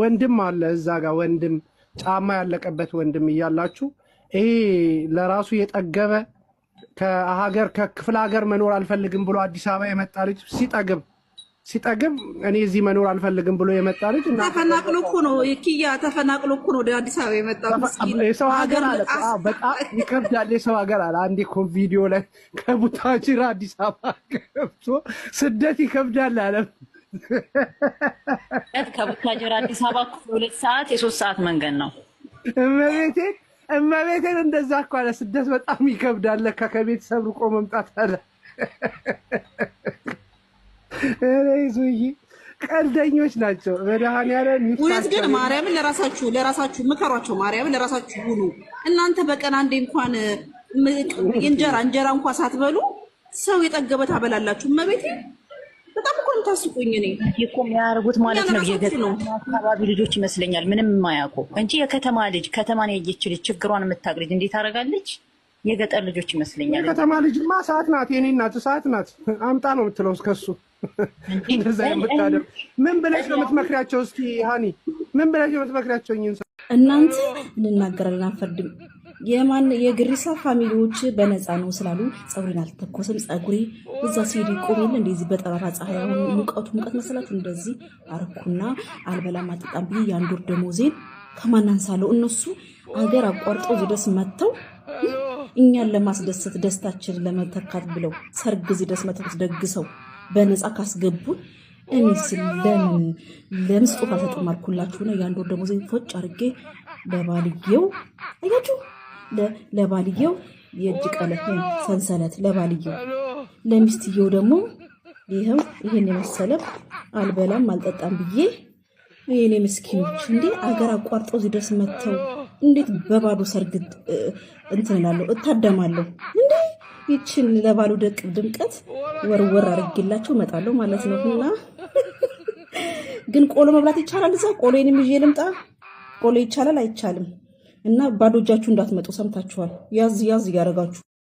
ወንድም አለ እዛ ጋር ወንድም ጫማ ያለቀበት ወንድም እያላችሁ ይሄ ለራሱ የጠገበ ከሀገር ከክፍለ ሀገር መኖር አልፈልግም ብሎ አዲስ አበባ የመጣ ልጅ ሲጠግብ ሲጠግብ እኔ እዚህ መኖር አልፈልግም ብሎ የመጣ ልጅ ተፈናቅሎ እኮ ነው ኪያ ተፈናቅሎ እኮ ነው ወደ አዲስ አበባ የመጣው። የሰው ሀገር አለ፣ በጣም ይከብዳል። የሰው ሀገር አለ። አንዴ እኮ ቪዲዮ ላይ ከቡታጅራ አዲስ አበባ ገብቶ ስደት ይከብዳል አለ። ከቡታጀራ አዲስ አበባ ሁለት ሰዓት የሶስት ሰዓት መንገድ ነው። እመቤቴ እመቤቴን እንደዛ እኮ አለ። ስደት በጣም ይከብዳል ለካ ከቤተሰብ ርቆ መምጣት አለ። ቀልደኞች ናቸው። መድኃኒዓለም ግን ማርያምን ለራሳችሁ ለራሳችሁ ምከሯቸው። ማርያምን ለራሳችሁ ሁኑ። እናንተ በቀን አንዴ እንኳን እንጀራ እንጀራ ሳትበሉ ሰው የጠገበ ታበላላችሁ። እመቤቴ በጣም እኮ የምታስቁኝ እኔ እኮ የሚያደርጉት ማለት ነው የገጠር አካባቢ ልጆች ይመስለኛል ምንም የማያውቁ እንጂ የከተማ ልጅ ከተማን ያየች ልጅ ችግሯን የምታውቅ ልጅ እንዴት አደርጋለች? የገጠር ልጆች ይመስለኛል። የከተማ ልጅማ ሰዓት ናት፣ የኔ ናት፣ ሰዓት ናት። አምጣ ነው የምትለው እስከሱ እንደዛ የምታደርግ ምን ብለሽ ነው የምትመክሪያቸው? እስኪ ሀኒ ምን ብለሽ ነው የምትመክሪያቸው? እናንተ እንናገራለን አንፈርድም የማን የግሪሳ ፋሚሊዎች በነፃ ነው ስላሉ ፀጉሬን አልተኮሰም። ፀጉሬ እዛ ሲሄድ ይቆሜል። እንደዚህ በጠራራ ፀሐይ አሁን ሙቀቱ ሙቀት መሰላት እንደዚህ አርኩና አልበላም አልጠጣም ብዬ የአንድ ወር ደሞዜን ከማን አንሳለሁ? እነሱ አገር አቋርጠው እዚህ ድረስ መጥተው እኛን ለማስደሰት ደስታችን ለመተካት ብለው ሰርግ እዚህ ድረስ መጥተው ደግሰው በነፃ ካስገቡን እኔ ስል ለምን ለምን ስጦታ አልሰጥም አልኩላችሁ ነው። የአንድ ወር ደሞዜን ፎጭ አርጌ በባልጌው አያችሁ። ለባልየው የእጅ ቀለበት ወይም ሰንሰለት ለባልየው፣ ለሚስትየው ደግሞ ይህም ይህን የመሰለ አልበላም አልጠጣም ብዬ የኔ ምስኪኖች እንዴ አገር አቋርጦ እዚህ ድረስ መጥተው እንዴት በባዶ ሰርግ እንትን እላለሁ እታደማለሁ። እንዴ ይችን ለባሉ ደቅ ድምቀት ወርወር አድርጌላቸው እመጣለሁ ማለት ነው። እና ግን ቆሎ መብላት ይቻላል እዛ ቆሎ ይዤ ልምጣ። ቆሎ ይቻላል አይቻልም? እና ባዶ እጃችሁ እንዳትመጡ ሰምታችኋል። ያዝ ያዝ እያደረጋችሁ